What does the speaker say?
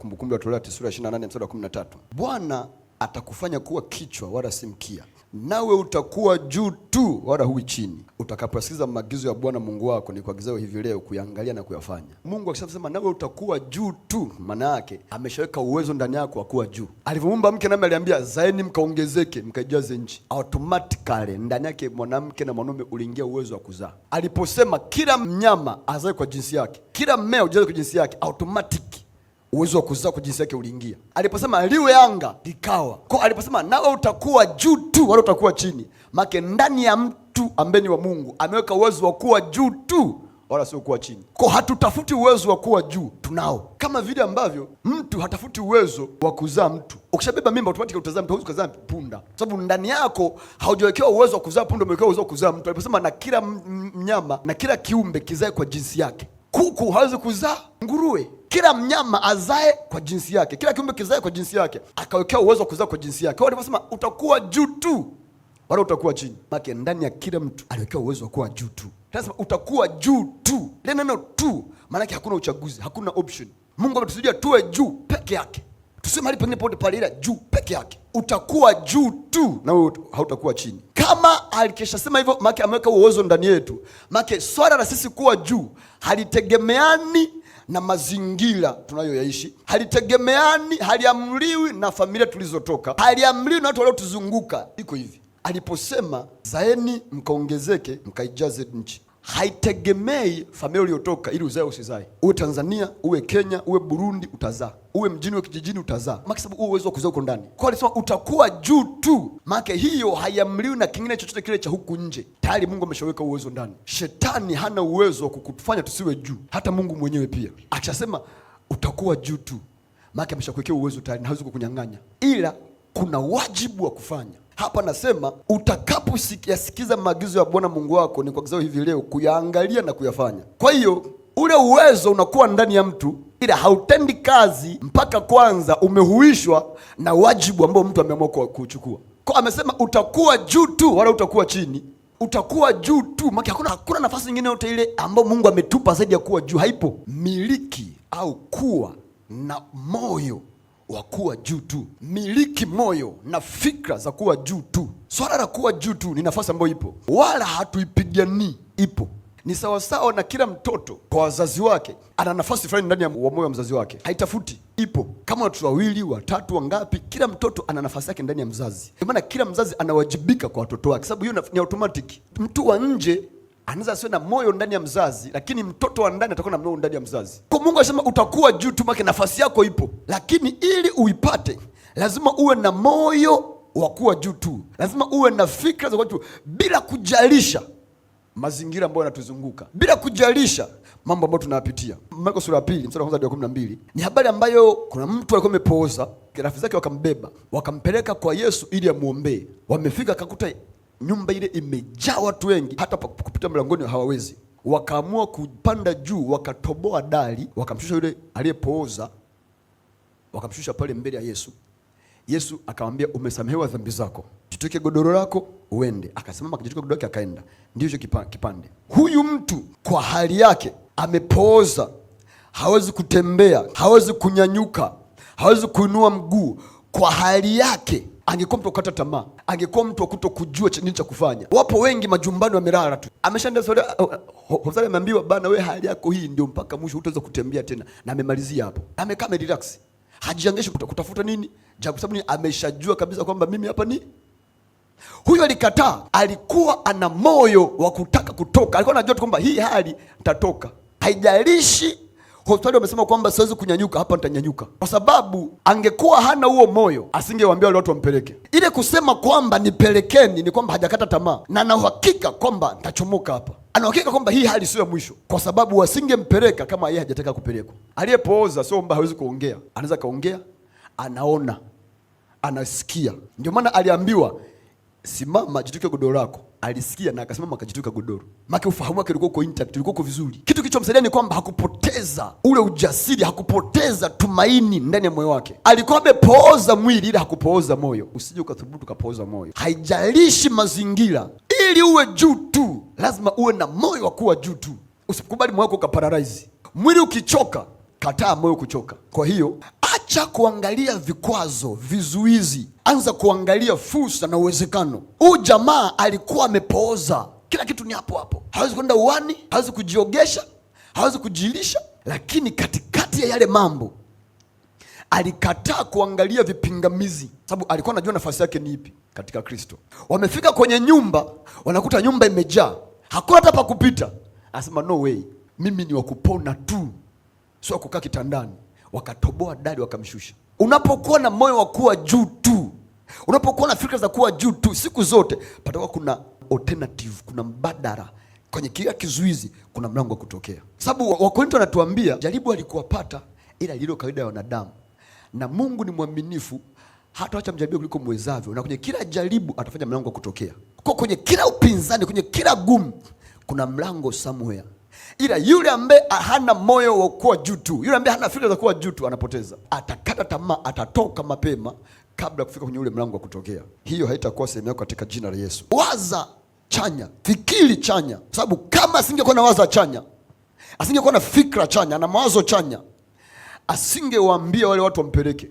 Kumbukumbu la Torati sura 28 mstari wa 13. Bwana atakufanya kuwa kichwa wala si mkia, nawe utakuwa juu tu wala huwi chini, utakaposikiza maagizo ya Bwana Mungu wako ni nikuagizayo hivi leo kuyaangalia na kuyafanya. Mungu akisema nawe utakuwa juu tu, maana yake ameshaweka uwezo ndani yako wa kuwa juu. Alivyomuumba mke, nami aliambia zaeni mkaongezeke, mkaijaze nchi. Automatically ndani yake mwanamke na mwanaume uliingia uwezo wa kuzaa. Aliposema kila mnyama azae kwa jinsi yake, kila mmea ujaze kwa jinsi yake, automatic uwezo wa kuzaa kwa jinsi yake uliingia. Aliposema liwe anga likawa, kwa aliposema nawe utakuwa juu tu wala utakuwa chini, make ndani ya mtu ambaye ni wa Mungu ameweka uwezo wa kuwa juu tu wala sio kuwa chini. Kwa hatutafuti uwezo wa kuwa juu, tunao, kama vile ambavyo mtu hatafuti uwezo wa kuzaa mtu. Ukishabeba mimba automatically utazaa mtu, hauwezi kuzaa punda, sababu ndani yako haujawekewa uwezo wa kuzaa punda, umewekewa uwezo wa kuzaa mtu. Aliposema na kila mnyama na kila kiumbe kizae kwa jinsi yake kuku hawezi kuzaa nguruwe. Kila mnyama azae kwa jinsi yake, kila kiumbe kizae kwa jinsi yake, akawekewa uwezo wa kuzaa kwa jinsi yake. Aliposema utakuwa juu tu, wala utakuwa chini, maana ndani ya kila mtu aliwekewa uwezo wa kuwa juu tu. Nasema utakuwa juu tu, ile neno tu maanake hakuna uchaguzi, hakuna option. Mungu ametusudia tuwe juu peke yake, tusiwe mahali pengine pote pale, ila juu peke yake utakuwa juu tu na wewe hautakuwa chini. Kama sema hivyo, make ameweka uwezo ndani yetu. make swala la sisi kuwa juu halitegemeani na mazingira tunayoyaishi, halitegemeani, haliamriwi na familia tulizotoka, haliamriwi na watu waliotuzunguka. Iko hivi, aliposema zaeni mkaongezeke, mkaijaze nchi haitegemei familia uliotoka ili uzae usizae. Uwe Tanzania, uwe Kenya, uwe Burundi, utazaa. Uwe mjini, uwe kijijini, utazaa, maana sababu uwe uwezo wa kuzaa uko ndani. Kwa alisema utakuwa juu tu, maana hiyo haiamriwi na kingine chochote kile cha huku nje. Tayari Mungu ameshaweka uwezo ndani. Shetani hana uwezo wa kukufanya tusiwe juu, hata Mungu mwenyewe pia akishasema utakuwa juu tu, maana ameshakuwekea uwezo tayari na hawezi kukunyang'anya, ila kuna wajibu wa kufanya hapa nasema utakaposikiasikiza maagizo ya Bwana Mungu wako ni kwa kizao hivi leo kuyaangalia na kuyafanya. Kwa hiyo ule uwezo unakuwa ndani ya mtu, ila hautendi kazi mpaka kwanza umehuishwa na wajibu ambao mtu ameamua kuchukua. Kwa amesema utakuwa juu tu, wala utakuwa chini utakuwa juu tu, maana hakuna hakuna nafasi nyingine yote ile ambayo Mungu ametupa zaidi ya kuwa juu. Haipo miliki au kuwa na moyo wa kuwa juu tu. Miliki moyo na fikra za kuwa juu tu. Swala la kuwa juu tu ni nafasi ambayo ipo, wala hatuipiganii, ipo ni sawasawa na kila mtoto kwa wazazi wake, ana nafasi fulani ndani ya moyo wa mzazi wake, haitafuti, ipo. Kama watoto wawili watatu wangapi, kila mtoto ana nafasi yake ndani ya mzazi. Ndio maana kila mzazi anawajibika kwa watoto wake, sababu hiyo ni automatic. Mtu wa nje anaweza asiwe na moyo ndani ya mzazi, lakini mtoto wa ndani atakuwa na moyo ndani ya mzazi. Kwa Mungu anasema utakuwa juu tu, maana nafasi yako ipo, lakini ili uipate lazima uwe na moyo wa kuwa juu tu, lazima uwe na fikra za juu, bila kujalisha mazingira ambayo yanatuzunguka, bila kujalisha mambo ambayo tunayapitia. Marko sura ya pili mstari wa kwanza hadi kumi na mbili ni habari ambayo kuna mtu alikuwa amepooza, rafiki zake wakambeba wakampeleka kwa Yesu ili amwombee. Wamefika akakuta nyumba ile imejaa watu wengi, hata kupita mlangoni hawawezi. Wakaamua kupanda juu, wakatoboa dari, wakamshusha yule aliyepooza, wakamshusha pale mbele ya Yesu. Yesu akamwambia umesamehewa dhambi zako, jitwike godoro lako uende. Akasimama akajitwika godoro lake akaenda. Ndio hicho kipande. Huyu mtu kwa hali yake amepooza, hawezi kutembea, hawezi kunyanyuka, hawezi kuinua mguu kwa hali yake angekuwa mtu kukata tamaa, angekuwa mtu wa kutokujua nini cha kufanya. Wapo wengi majumbani wamelala tu, ameshaenda uh, uh, hospitali, ameambiwa bana, we hali yako hii ndio mpaka mwisho, utaweza kutembea tena, na amemalizia hapo. Amekaa amerelax, hajiangeshi kutafuta nini ja, kwa sababu ni ameshajua kabisa kwamba mimi hapa ni huyo alikataa, alikuwa ana moyo wa kutaka kutoka, alikuwa anajua tu kwamba hii hali ntatoka haijalishi hospitali wamesema kwamba siwezi kunyanyuka, hapa nitanyanyuka. Kwa sababu angekuwa hana huo moyo, asingewaambia wale watu wampeleke. Ile kusema kwamba nipelekeni ni kwamba hajakata tamaa na ana uhakika kwamba nitachomoka hapa anahakika kwamba hii hali sio ya mwisho, kwa sababu wasingempeleka kama yeye hajataka kupelekwa. Aliyepooza sio kwamba hawezi kuongea, anaweza kaongea, anaona, anasikia. Ndio maana aliambiwa simama jituke godoro lako. Alisikia na akasimama akajitwika godoro, make ufahamu wake ulikuwa uko intact, ulikuwa uko vizuri. Kitu kilichomsaidia ni kwamba hakupoteza ule ujasiri, hakupoteza tumaini ndani ya moyo wake. Alikuwa amepooza mwili, ili hakupooza moyo. Usije ukathubutu kapooza moyo, haijalishi mazingira. Ili uwe juu tu, lazima uwe na moyo wa kuwa juu tu. Usikubali moyo wako ukaparalaizi. Mwili ukichoka, kataa moyo kuchoka. Kwa hiyo Acha kuangalia vikwazo, vizuizi, anza kuangalia fursa na uwezekano. huu jamaa alikuwa amepooza, kila kitu ni hapo hapo, hawezi kwenda uwani, hawezi kujiogesha, hawezi kujilisha, lakini katikati ya yale mambo alikataa kuangalia vipingamizi, sababu alikuwa anajua nafasi yake ni ipi katika Kristo. Wamefika kwenye nyumba, wanakuta nyumba imejaa, hakuna hata pa kupita. Anasema no way, mimi ni wakupona tu, sio kukaa kitandani wakatoboa dadi wakamshusha. Unapokuwa na moyo wa kuwa juu tu, unapokuwa na fikra za kuwa juu tu, siku zote patakuwa kuna alternative, kuna mbadala kwenye kila kizuizi kuna mlango wa kutokea, sababu Wakorinto wanatuambia jaribu alikuwapata ila lilo kawaida ya wanadamu, na Mungu ni mwaminifu, hatawacha mjaribiwa kuliko mwezavyo, na kwenye kila jaribu atafanya mlango wa kutokea. Kwa kwenye kila upinzani, kwenye kila gumu kuna mlango somewhere ila yule ambaye hana moyo wa kuwa juu tu, yule ambaye hana fikra za kuwa juu tu anapoteza, atakata tamaa, atatoka mapema kabla ya kufika kwenye ule mlango wa kutokea. Hiyo haitakuwa sehemu yako katika jina la Yesu. Waza chanya, fikiri chanya, kwa sababu kama asingekuwa na waza chanya, asingekuwa na fikra chanya na mawazo chanya, asingewaambia wale watu wampeleke